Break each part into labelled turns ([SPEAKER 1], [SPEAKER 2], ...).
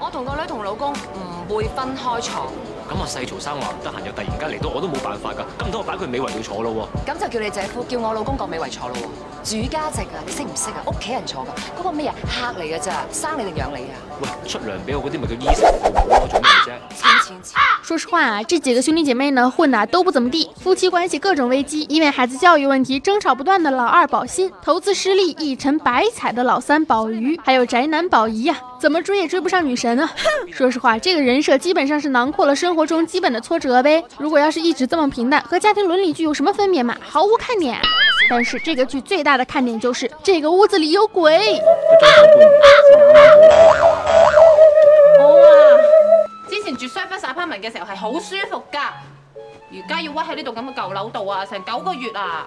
[SPEAKER 1] 我同個女同老公唔會分開坐。咁阿細曹生話唔得閒又突然間嚟到，我都冇辦法噶。咁多擺佢美維了坐咯。咁就叫你姐夫叫我老公個美維坐咯。主家席啊，你識唔識啊？屋企人坐噶，嗰、那個咩啊客嚟噶咋？生你定養你啊？喂，出糧俾我嗰啲咪叫醫生。我做咩啫、啊啊啊？說實話啊，這幾個兄弟姐妹呢混得、啊、都不怎麼地，夫妻關係各種危機，因為孩子教育問題爭吵不斷的老二寶新，投資失利一沉百彩的老三寶魚，還有宅男寶儀呀。怎麼追也追不上女神呢？ 說實話，這個人設基本上是囊括了生活中基本的挫折唄。如果要是一直這麼平淡，和家庭倫理劇有什麼分別嘛？毫無看點。但是這個劇最大的看點就是這個屋子裏有鬼。我啊，啊，啊，啊，啊，之前住 service apartment 嘅時候係好舒服噶，而家要屈喺呢度咁嘅舊樓度啊，成九個月啊。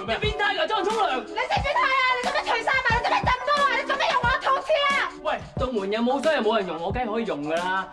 [SPEAKER 1] 你變態㗎，裝沖涼！你識變態啊？你做咩除衫啊？你做咩咁多啊？你做咩用我套廁啊？喂，棟門又冇水又冇人用，我梗係可以用㗎啦。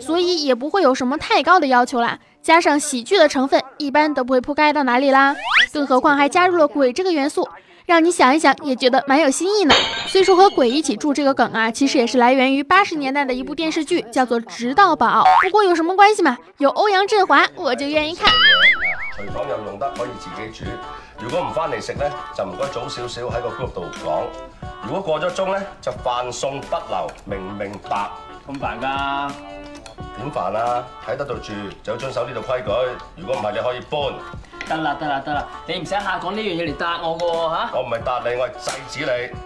[SPEAKER 1] 所以也不會有什麼太高的要求啦，加上喜劇的成分，一般都不會撲街到哪裏啦。更何況還加入了鬼這個元素，讓你想一想也覺得蠻有新意呢。雖說和鬼一起住這個梗啊，其實也是來源於八十年代的一部電視劇，叫做《執到寶》。不過有什麼關係嘛？有歐陽震華，我就願意看。廚房又用得可以自己煮，如果唔返嚟食呢，就唔該早少少喺個 group 度講。如果過咗鐘呢，就飯餸不留，明唔明白？咁辦噶？點煩啊！喺呢度住就要遵守呢度規矩。如果唔係，你可以搬行了。得啦得啦得啦，你唔使下講呢樣嘢嚟答我噶喎！我唔係答你，我係制止你。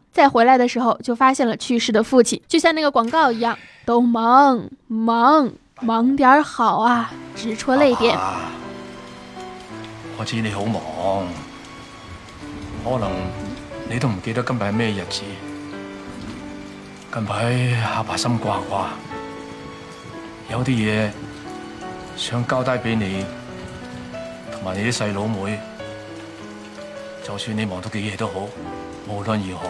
[SPEAKER 1] 再回來的時候，就發現了去世的父親，就像那個廣告一樣，都忙忙忙點好啊，直戳淚點、啊。我知你好忙，可能你都唔記得今日係咩日子。近排阿爸心掛掛，有啲嘢想交代俾你同埋你啲細佬妹，就算你忙到幾夜都好，無論如何。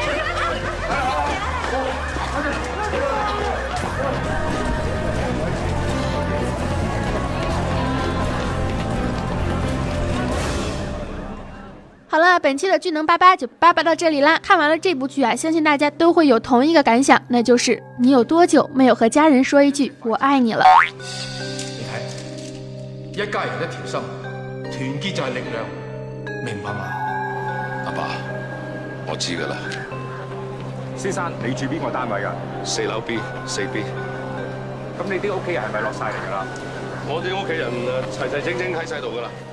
[SPEAKER 1] 好了，本期的《巨能八八》就八八到這裏啦。看完了這部劇啊，相信大家都會有同一個感想，那就是你有多久沒有和家人說一句“我愛你”了？你睇，一家人一條心，團結就係力量，明白嗎？阿爸，我知噶啦。先生，你住邊個單位噶？四樓 B 四 B。咁你啲屋企人係咪落晒嚟噶啦？我哋屋企人啊，齊齊整整喺晒度噶啦。